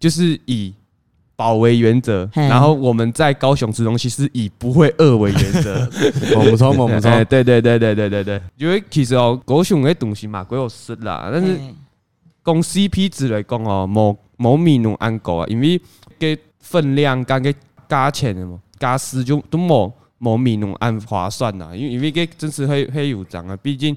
就是以飽為原則，然後我們在高雄吃東西是以不會餓為原則。猛衝猛衝！對對對對對對對，喔、因為其實哦，高雄嘅東西嘛，鬼有食啦。但是講 CP 值來講哦，冇冇米儂安夠啊，因為佮分量跟加佮價錢嘛，加時就都冇冇米儂安划算啦。因為因為佮真是黑黑油髒啊，畢竟。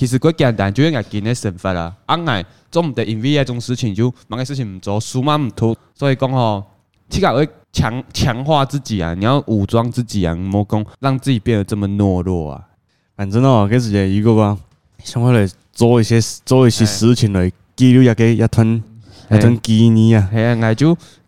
其實好簡單，就係佢見嘅想法啦。阿奶做唔到，因為這種事情就某個事情唔做，輸嘛唔拖，所以講哦，只家要強強化自己啊！你要武裝自己啊，唔好講讓自己變得這麼懦弱啊。反正哦，其實一個話，想嚟做一些做一些事情來積累一個一團一團經驗啊。係啊，阿祖。